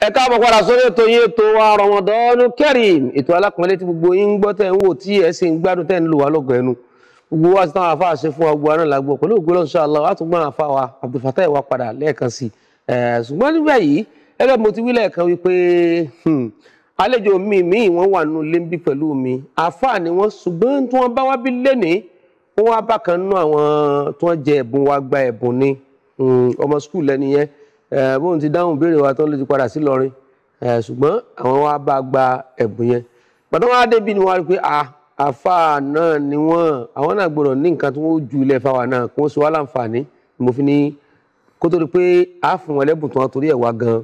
ẹ káàbọ̀ padà sórí ètò yín ètò wa Ramadan Kareem ètò alákùnrin tí gbogbo yín ń gbọ́ tẹ̀ ń wò tí ẹ sì ń gbádùn tẹ̀ ń lò wá lọ́gọ̀ ẹnu gbogbo wa ti táwọn afáà ṣe fún wa gbogbo àná làgbọ̀ pẹ̀lú ògbólọ́ insha Allah wàá tún gbọ́n àfáà wa Abdul Fatai padà lẹ́ẹ̀kan sí i ṣùgbọ́n níbẹ̀ yìí ẹgbẹ́ mo ti wí lẹ́ẹ̀kan wípé hmm, àlejò mi míì wọ́n wà nù lẹ́ńbí pẹ̀lú mi àfáà ni wọ́n ṣùgbọ́n tí wọ́n bá wá bí lẹ́nìí wọ́n wá bákan nú àwọn tí wọ́n jẹ ẹ̀bùn wa gba ẹ̀bùn ni hmm, ọmọ skul lẹ́ni yẹn bóun ti dáhùn béèrè wa tán ló ti padà sí lọrin ṣùgbọ́n àwọn wa bá gba ẹ̀bùn yẹn pàtó wọn á débi ni wọn á rí pé àfa náà ni wọn àwọn náà gbọ́dọ̀ ní nǹkan tí wọn ju ilẹ̀ fáwa náà kí wọ́n sọ wá láǹfààní mo fi ní kó tó di pé a fún wọn lẹ́bùn tán torí ẹ̀ wá gan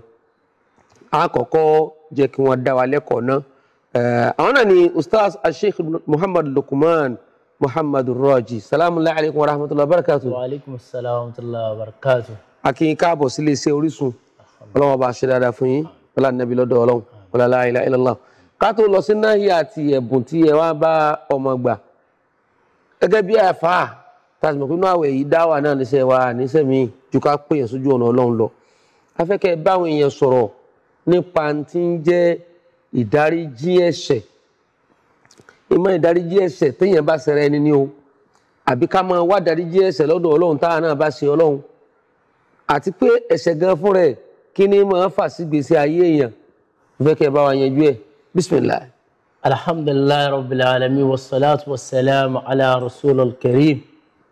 a kọ́kọ́ jẹ́ kí wọ́n dá wa lẹ́kọ̀ọ́ náà àwọn náà ni ustaz asheikh muhammad lukman muhammad raji salamu alaykum wa rahmatullahi wa wa alaykum salaam wa rahmatullahi wa akínyìn káàbọ̀ sílé iṣẹ́ Orísun ọlọ́run ọba ṣe dáadáa fún yín ọlá nàbí lọ́dọ̀ ọlọ́run ọlá la ilaha illallah ká tó lọ sí náhìá àti ẹ̀bùn tí ẹ wá bá ọmọ gbà gẹ́gẹ́ bí àfà tàbí pínú àwẹ̀ yìí dáwà náà níṣẹ́ wa níṣẹ́ mi ju ká pè yẹn sójú ọ̀nà ọlọ́run lọ afẹ́kẹ́ báwọn èèyàn sọ̀rọ̀ nípa tí ń jẹ́ ìdáríjì ẹ̀ṣẹ̀ ìmọ̀ ìdáríjì ẹ̀ṣẹ̀ téèyàn bá ṣẹ̀rẹ̀ ẹni ní o àbí ká máa wá ìdáríjì ẹ̀ṣẹ̀ lọ́dọ̀ ọlọ́run táwọn náà bá ṣe ọlọ́run àti pé ẹ̀ṣẹ̀ gan fúnra ẹ̀ kí ni máa fà sí gbèsè ayé èèyàn fẹ́ kẹ́ ẹ bá wa yanjú ẹ̀ bismillah. alhamdulilayi rabbil alamin wasalaatu wasalaamu ala rasulil kareem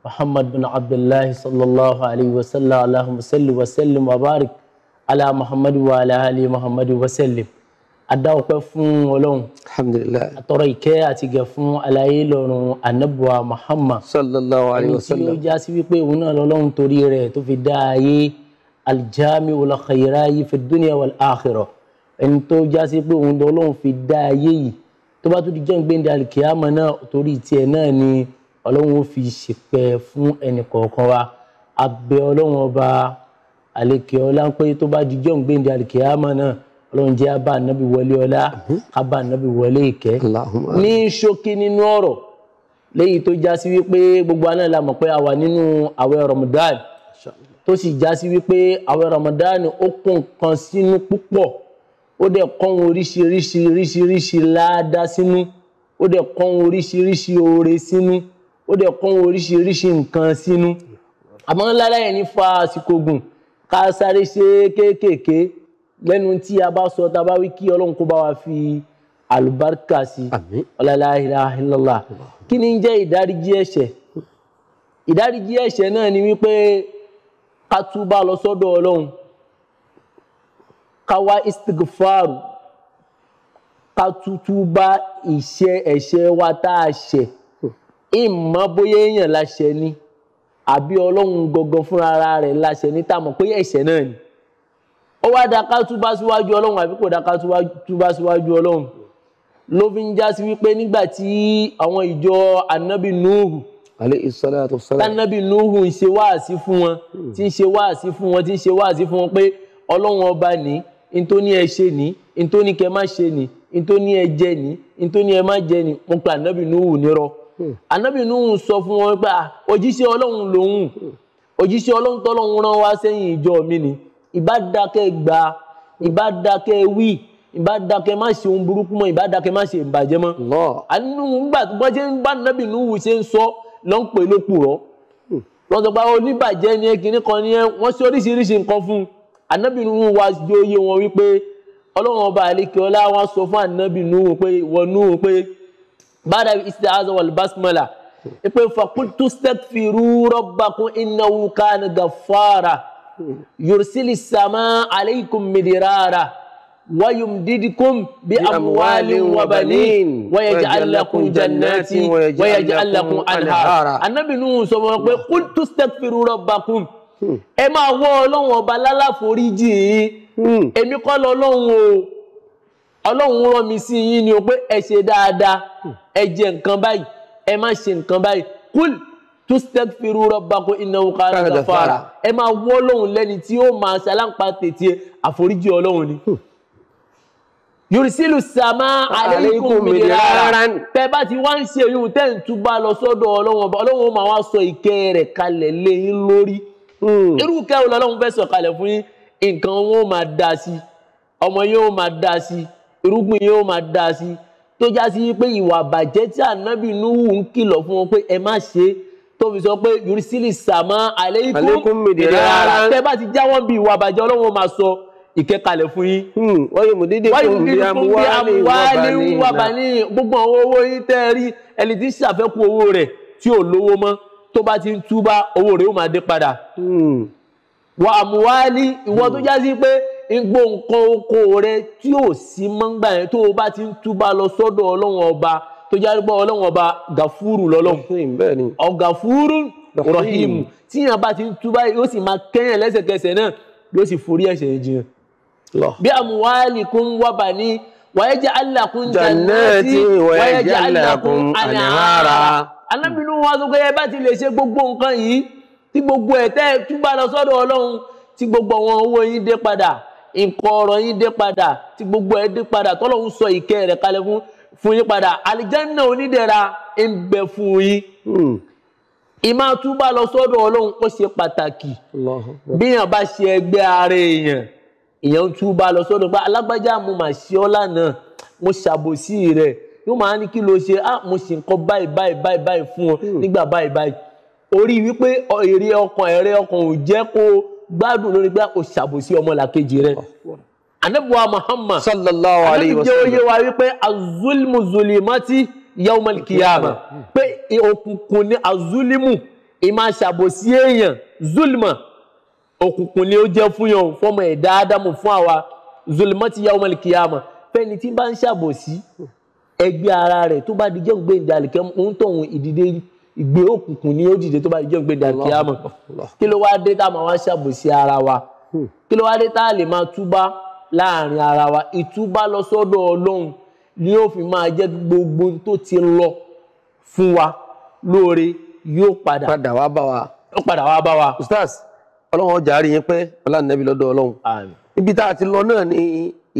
muhammad bin abdullahi sallallahu alayhi wa sallam allahumma salli wa sallim wa barik ala muhammad wa ala ali muhammad wa sallim adá ọpẹ́ fún Ọlọ́run alhamdulilayi àtọrọ ìkẹ́ àti gẹ fún alayé lọ́run anabuwa Muhammad sallallahu alayhi wa sallam ẹni tí ó já sí wípé òun náà lọ́lọ́run torí rẹ̀ tó fi dá ayé alijami olùkàyèrè ayé fi dúnìá wal akhirah ẹni tó já sí pé òun lọ́lọ́run fi dá ayé yìí tó bá tó di jẹ́ gbẹ̀ndẹ̀ alikiyama náà torí tiẹ̀ náà ni Ọlọ́run ó fi ṣèpẹ́ fún ẹnì kọ̀ọ̀kan wa abẹ Ọlọ́run ọba àlekè pé tó bá di jẹ́ gbẹ̀ndẹ̀ alikiyama náà ọlọ́run jẹ́ abá ànábì wọlé ọlá mhm. abá ànábì wọlé ìkẹ́ ní ṣókí nínú ọ̀rọ̀ léyìí tó já sí wípé gbogbo aná la mọ̀ pé a wà nínú àwẹ̀ Ramadan tó sì já sí wípé àwẹ̀ Ramadan ó kún nǹkan sínú púpọ̀ ó dẹ̀ kọ́ ohun oríṣiríṣi oríṣiríṣi láàdá sínú ó dẹ̀ kọ́ ohun oríṣiríṣi oore sínú ó dẹ̀ kọ́ ohun oríṣiríṣi nǹkan sínú àmọ́ ńlá láyẹ̀ ní fa àsìkò gùn ká sáré ṣe kéékèèké lẹ́nu tí a bá sọ tá a bá wí kí ọlọ́run kó bá wa fi àlùbáríkà sí ọlọ́lá ìlàlá kí ni jẹ́ ìdáríjì ẹ̀ṣẹ̀ ìdáríjì ẹ̀ṣẹ̀ náà ni wípé ká túbà lọ sọ́dọ̀ ọlọ́run ká wá istigfaru ká tútú bá ìṣe ẹ̀ṣẹ̀ wa tá a ṣẹ̀ ìmọ̀ bóyá èèyàn la ni àbí ọlọ́run gangan fúnra rẹ̀ la ṣẹ̀ ní tá a mọ̀ pé ẹ̀ṣẹ̀ náà ni ó wá da ká túbá síwájú ọlọ́run àbí kò da ká túbá síwájú ọlọ́run ló fi ń já sí wípé nígbà àwọn ìjọ anabi nuhu alayhi salatu wassalam anabi nuhu ń ṣe wáàsí fún wọn hmm. tí ń ṣe wáàsí fún wọn tí ń ṣe wáàsí fún wọn pé ọlọ́run ọba ní ntóní ẹ ṣe ní ntóní kẹ má ṣe ní ntóní ẹ jẹ ní ntóní ẹ má jẹ ní mo pe anabi nuhu nírọ́ anabi hmm. nuhu sọ fún wọn pé òjíṣẹ́ ọlọ́run lòun hmm. òjíṣẹ́ ọlọ́run tọ́lọ́run rán wá sẹ́yìn ìjọ mi ni ìbádakẹ́ gbà ìbádakẹ́ wí ìbádakẹ́ má ṣe ohun burúkú mọ́ ìbádakẹ́ má ṣe ìbàjẹ́ mọ́. àánú gbà tó bá ṣe ń bá nàbì nùhù ṣe ń sọ ló ń pè lópù rọ. Hmm. wọ́n sọ pé oníbàjẹ́ ni kinní kan ni wọ́n ṣe oríṣiríṣi nǹkan fún un. ànábì nùhù wa jó yé wọn wípé ọlọ́run ọba àlekè ọlá wọn sọ fún ànábì nùhù pé wọ́n nùhù pé bàdà ìsìtẹ̀ azọ̀ wal basmala. ìpè hmm. fàkúntù stẹ́kfìrú rabbakum innahu kana gaffara yorùsílì sàmà aleikum midirara wayumdidikum bi amwalin wa banin wayaj'al lakum jannati wayaj'al lakum anhara anabi nuhu sọ wọn pé kul tustaghfiru rabbakum hmm. ẹ máa wọ ọlọ́run ọba lálàforíjì hmm. èmi kọ́ lọ ọlọ́run o ọlọ́run rán mi sí yín ni o pé ẹ ṣe dáadáa hmm. ẹ jẹ nǹkan báyìí ẹ má ṣe nǹkan báyìí kúlù tustagfiru rabbakum innahu kana ghafara ẹ máa wọ́ lọ́hùn lẹ́ni tí ó máa ṣaláǹpa tètè àforíjì ọlọ́hùn ni. yorùsílù sàmà alaykum midiraran tẹ bá ti wá ń ṣe oyún tẹ́ ń túbà lọ sọ́dọ̀ ọlọ́hùn ọba ọlọ́hùn máa wá sọ ìkẹ́ rẹ̀ kalẹ̀ lẹ́yìn lórí. Hmm. irú kẹ́hùn lọ́lọ́hùn fẹ́ sọ kalẹ̀ fún yín nǹkan wọn ò máa dá sí ọmọ yín ò máa dá sí irúgbìn yín ò máa dá sí tó já sí pé ìwà àbàjẹ́ tí ànábì Nuhu ń kìlọ̀ fún wọn pé ẹ má ṣe é tó fi sọ pé yorùsílì sàmọ́ àléékún mìdìrà ara tẹ́ bá ti jáwọ́ bí ìwà àbàjẹ́ ọlọ́wọ́ máa sọ ìkẹkalẹ̀ fún yín. wọ́n yóò mú dídé fún bí amúwálé wà bá ní gbogbo àwọn owó yín tẹ́ ẹ rí ẹni tí ṣàfẹ́kù owó rẹ̀ tí ò lówó mọ́ tó bá ti ń túbá owó rẹ̀ ó máa dé padà. Hmm. wà amúwálé ìwọ tó hmm. já sí pé gbogbo nǹkan oko rẹ̀ tí ò sí mọ́ngbà yẹn tó o bá ti ń túbá lọ sọ́dọ̀ ọlọ́wọ́n ọba tó jẹ́ àrígbọ́ ọlọ́run ọba gàfúrù lọ́lọ́run ọ̀gàfúrù rọ̀hìmù tí yàn bá ti ń túbá yóò sì máa kẹ́yàn lẹ́sẹ̀kẹsẹ̀ náà yóò sì forí ẹ̀ṣẹ̀ jìn bí àmúwálìkún wábà ní wàyẹ́jẹ́ alákún jannati wàyẹ́jẹ́ alákún àníhàrà alábìnú wa sọ pé ẹ bá ti lè ṣe gbogbo nǹkan yìí tí gbogbo ẹ̀ tẹ́ túbá lọ sọ́dọ̀ ọlọ́run tí gbogbo àwọn owó yín dé padà nǹkan ọ̀rọ̀ yín dé padà tí gbogbo ẹ̀ dé padà tọ́lọ́run sọ ìkẹ́ rẹ̀ kalẹ̀ fún fún yín padà àlìjánná onídẹ̀ra ń bẹ fún yín hmm. ìmá túbà lọ sọ́dọ̀ Ọlọ́run ó ṣe pàtàkì bí èèyàn bá ṣe ẹgbẹ́ ara èèyàn èèyàn túbà lọ sọ́dọ̀ pé alágbájá mo mà ṣe ọ́ lánàá mo ṣàbòsí rẹ̀ yóò máa ní kí ló ṣe ah mo ṣe nǹkan báyìí báyìí báyìí báyìí fún ọ hmm. nígbà báyìí báyìí orí wípé èrè ọkàn ẹ̀rẹ́ ọkàn ò jẹ́ kó gbádùn lórí pé o ṣàbòsí ọmọlàkejì rẹ̀ anabuwa muhammad sallallahu alayhi wa sallam anabi jẹ́ oyé wa wípé azulmu zulimati yawmal kiyama pé òkùnkùn ni azulimu ìmá ṣàbòsí èèyàn zulma òkùnkùn ni ó jẹ́ fún yàn fọmọ ẹ̀dá ádámù fún àwa zulimati yawmal kiyama fẹ́ni tí bá ń ṣàbòsí ẹgbẹ́ ara rẹ̀ tó bá di jẹ́ ògbé ìdàlùkẹ́ ń tọ̀hún ìdìde ìgbé òkùnkùn ni ó dìde tó bá di jẹ́ ògbé ìdàlùkẹ́ àmọ́ kí ló wá dé tá a máa wá ṣàbòsí ara wa hmm. kí ló wá dé tá a lè máa túbá láàrin ara wa ìtúbá lọ sọ́dọ̀ ọlọ́run ni yóò fi máa jẹ́ gbogbo tó ti lọ fún wa lóore yóò padà padà wá bá wa ó padà wá bá wa. ustaz ọlọ́run ọjà rí yín pẹ́ ọlánàbí lọ́dọ̀ ọlọ́run ibi tá a ti lọ náà ni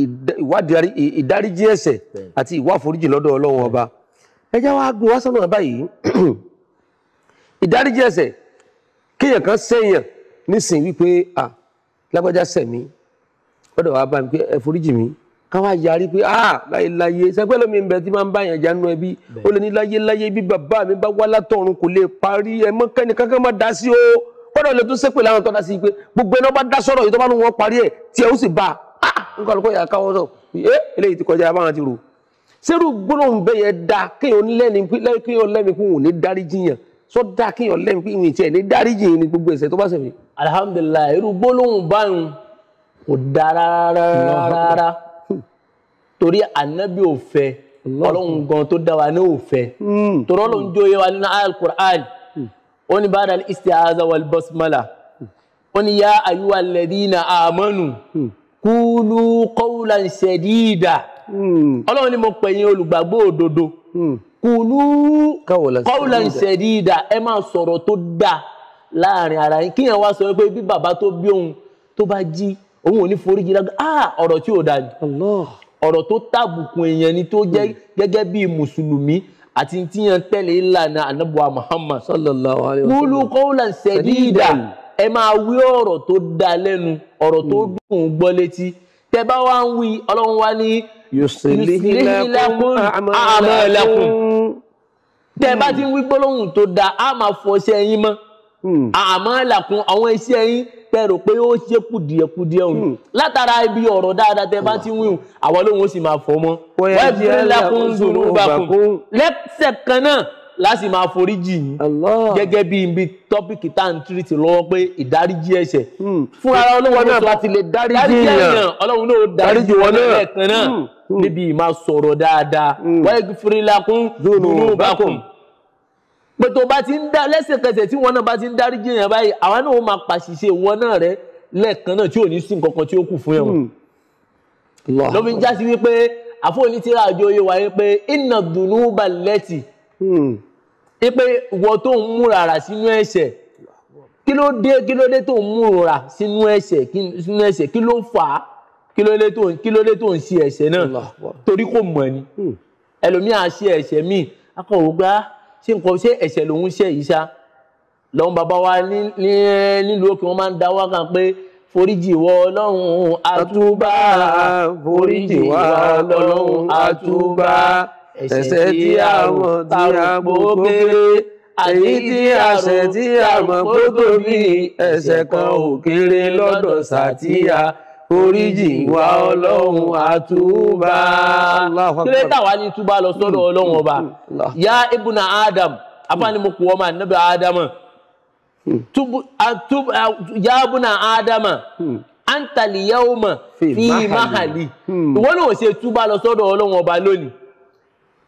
ìwádìí ìdáríjì ẹ̀ṣẹ̀ àti ìwà àforíjì lọ́dọ̀ ọlọ́run ọba ẹ jẹ́ wá gbé wá sọ́nà báyìí ìdáríjì ẹ̀ṣẹ̀ kéèyàn kan sẹ́yìn nísìnyí wípé ah lágbájá ṣẹ̀ mí lọ́dọ̀ wa bá mi pé ẹ foríjì mi káwá yarí pé ah láyé láyé sẹpẹ́ lómi ń bẹ tí máa ń bá yàn já nù ẹbí ó lè ní láyé láyé bí bàbá mi bá wá látọ̀run kò lè parí ẹ mọ́ kẹ́ni kankan má dá sí o kọ́dọ̀ lè tún sépè láwọn tó dá sí i pé gbogbo ẹni wọ́n bá dá sọ̀rọ̀ yìí tó bá nù wọ́n parí ẹ̀ tí ẹ ó sì bá a ah! nǹkan àlùkò yàrá káwọ́ sọ ẹ eh! eléyìí ti kọjá abáwọn ti rò sẹ́rù gbólóhùn bẹ́ẹ̀ yẹn da kéèyàn lẹ́mi kéèyàn lẹ́mi kó ìwìn ní Alhamdulillah irú gbólóhùn báyìí kò dáa rárá rárá hmm. torí ànábì ò fẹ́ ọlọ́run gan tó dá wa ní ò fẹ́ hmm. torí ọlọ́run jó yẹ wa nínú alukur'an hmm. ó ní ba'da al-isti'aza wal basmala ó ní yá ayuwa alladhina amanu kúlú qawlan sadida ọlọ́run ni mo pè yín olùgbàgbọ́ òdodo kúlú qawlan sadida ẹ máa sọ̀rọ̀ tó dáa láàrin ara yín kíyàn wá sọ pé bí bàbá tó bí òun tó bá jí òun ò ní foríjì lágbà ah ọ̀rọ̀ tí ò dáa ni ọ̀rọ̀ tó tàbùkùn èèyàn ni tó jẹ́ hmm. gẹ́gẹ́ bí mùsùlùmí àti tí yẹn ìlànà anábùwà Muhammad sallallahu alayhi wa sallam qulu qawlan sadida ẹ máa wí ọ̀rọ̀ tó dáa lẹ́nu ọ̀rọ̀ tó hmm. dùn gbọ́ létí tẹ bá wá ń wí ọlọ́run wá ní yuslih lakum a'malakum tẹ bá ti wí gbólóhùn tó dáa á máa fọ ọṣẹ yín mọ́ àmọ́ hmm. làkun àwọn iṣẹ́ yín pẹ̀rọ pé ó ṣe kùdìẹ̀kùdìẹ̀ òun hmm. látara ibi ọ̀rọ̀ dáadáa tẹ bá hmm. ti ń wíwùn àwọn olóhùn ó sì máa fọ́ mọ́ wẹ́ẹ̀ fi lákun dùnú bàkún lẹ́sẹ̀ kan náà láti máa foríjì yín gẹ́gẹ́ bí ibi tọ́pìkì tá à ń tírìtì lọ́wọ́ pé ìdáríjì ẹ̀ṣẹ̀ fúnra ọlọ́wọ́ náà bá ti lè dáríjì yàn ọlọ́run náà dáríjì wọn náà lẹ́ẹ̀kan níbi ìmá sọ̀rọ̀ dáadáa wáyé fúrilakún dùnú bákùn pé tó bá ti ń dá lẹ́sẹ̀kẹsẹ̀ tí wọn náà bá ti ń dáríjì yẹn báyìí àwa náà ó máa pàṣìṣe wọn náà rẹ lẹ́ẹ̀kan náà tí ò ní sí nǹkan kan tí ó kù fún ẹ̀wọ̀n. Hmm. ló fi ń já sí wípé àfọwọ́ni tí ráàjọ oyè wáyé pé iná dùnú balẹ̀tì hmm. pé ìwọ tó ń múra rà sínú ẹ̀ṣẹ̀ kí ló dé kí ló dé tó ń múra sínú ẹ̀ṣẹ̀ kí ló fà á kí ló dé tó ń ṣe ẹ̀ṣẹ̀ náà torí kò mọ̀ ni hmm. ẹlòmíà ṣe ẹ̀ṣẹ̀ míì akọ̀wé ṣé nǹkan ṣé ẹ̀ṣẹ̀ lòun ṣe yìí ṣá lọ́wọ́n bàbá wa nílùú òkè wọ́n máa ń da wá kan pé foríjì wọ ọlọ́run àtúbà foríjì wọ ọlọ́run àtúbà ẹ̀ṣẹ̀ tí a mọ̀ tí a mọ̀ kéré àyí tí a ṣẹ̀ tí a mọ̀ kó tóbi ẹ̀ṣẹ̀ kan ò kéré lọ́dọ̀ sàtíyà. oríjì wa ọlọ́run àtúbà kílé tàwa ní túbà lọ sọ́dọ̀ hmm. ọlọ́run ọba hmm. ya ibùnà adam afánimọ̀kù ọmọ ànábì adama hmm. ya ibùnà adama antali yaoma fi mahali ìwọ náà ṣe túbà lọ sọ́dọ̀ ọlọ́run ọba lónìí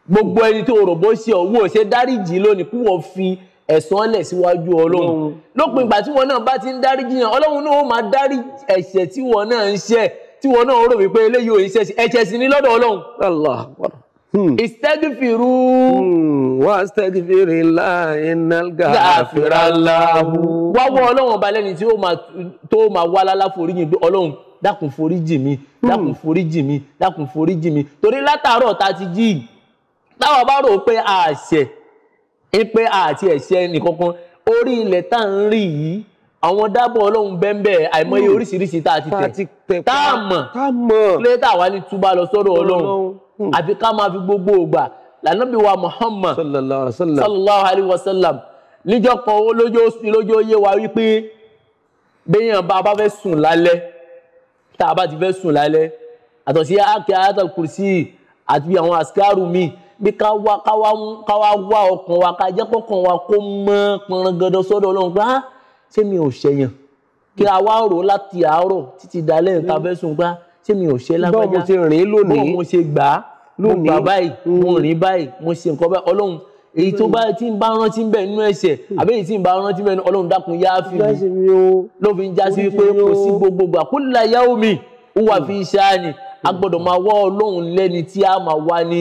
gbogbo ẹni tó rò bó ṣe ọwọ́ ṣe dáríjì lónìí kúwọ́ fi ẹ̀sán lẹ̀ síwájú ọlọ́run lópin ìgbà tí wọn náà bá ti ń dáríjì yàn ọlọ́run náà ó máa dárí ẹ̀ṣẹ̀ tí wọn náà ń ṣẹ̀ tí wọn náà rò wípé eléyìí ò ń ṣẹ̀ ẹ̀ṣẹ̀ sì ni lọ́dọ̀ ọlọ́run. Allah Ìstẹ́gìfìrú. Wà stẹ́gìfìrì láìnàlgà àfìrà láàbù. Wá wọ ọlọ́run ọba lẹ́ni tí ó máa wá lálá foríjìn pé ọlọ́run dákun foríjìn hmm. mi, dákun foríjìn mi, dákun foríjìn mi. Torí látàárọ̀ ta ti jí, táwọn bá rò pé àṣẹ ń pé àti ẹ̀ṣẹ̀ nìkankan orí ilẹ̀ tá à ń rí yìí àwọn dábọ̀ ọlọ́run bẹ́ńbẹ́ àìmọye hmm. oríṣiríṣi tá a ti tẹ̀ tá a mọ̀ kílẹ̀ tá a wá ní túbà lọ sọ́dọ̀ ọlọ́run hmm. àfi ká máa fi gbogbo ògbà lànàbí wa Muhammad sallallahu alayhi wa sallam níjọ́ kan lójó yé wa wípé béèyàn bá a bá fẹ́ sùn lálẹ́ tá a bá ti fẹ́ sùn lálẹ́ àtọ̀sí àkè ayatul kursi àti àwọn àsìkárù míì pé ká wá ká wá ká wá wá ọkàn wa ká jẹ́ kọ́kàn wa kó mọ́ pọnrán gandan sọ́dọ̀ ọlọ́run pé ah ṣé mi ò ṣẹ̀yàn kí a wá rò láti àárọ̀ títí dalẹ́ nǹka fẹ́ sùn gbá ṣé mi ò ṣe lágbájá bọ́ọ̀ mo ṣe rìn lónìí bọ́ọ̀ mo ṣe gbà á lónìí mo gbà báyìí mo mm. rìn báyìí mo ṣe nǹkan báyìí ọlọ́run èyí tó bá ti ń bá rántí bẹ̀ nínú ẹ̀ṣẹ̀ hmm. àbí èyí tí ń bá rántí bẹ̀ nínú ọlọ́run dákun yá fi mi ló fi ń já sí pé kò sí gbogbogbò àkúlẹ̀ yá omi ó wà fi ṣáà ni a gbọ́dọ̀ máa wá ọlọ́run lẹ́ni tí a máa wá ní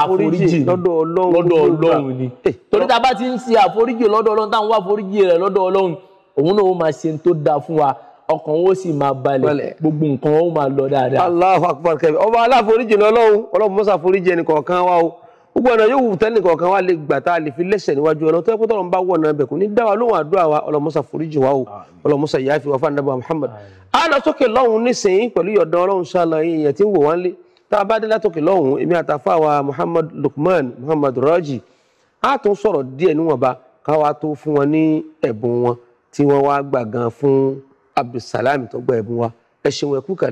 àforíjì lọ́dọ̀ ọlọ́run ni eh, torí tá a bá ti ń ṣe àforíjì lọ́dọ̀ ọlọ́run táwọn wá àforíjì rẹ̀ lọ́dọ̀ ọlọ́run òun náà ó máa ṣe tó dáa fún wa ọkàn ó sì máa balẹ̀ gbogbo nǹkan ó máa lọ dáadáa. Allahu akbar kẹfì ọba aláforíjì lọ́lọ́run ọlọ́run mọ́sàforíjì ẹnì kọ̀ọ̀kan wa o gbogbo ọ̀nà yóò wù tẹ́lẹ̀ kọ̀ọ̀kan wa lè gbà tá a lè fi lẹ́sẹ̀ níwájú ọlọ́run tó yẹ kó tọ́lọ́run bá wọ̀ bẹ̀ kò ní dáwà lóhùn àdúrà wa ọlọ́mọsà foríjì wa o ọlọ́mọsà yáfi wa fáwọn nàbà Muhammad a lọ sókè lọ́hùn nísìnyí pẹ̀lú yọ̀dọ̀ ọlọ́run sálọ èèyàn tí ń wò wọ́n lé tá a bá dé látòkè lọ́hùn èmi àtàfà wa Muhammad Lukman Muhammad Raji a tún sọ̀rọ̀ díẹ̀ níwọ̀nba káwa tó fún wọn ní ẹ̀bùn wọn tí wọ́n wá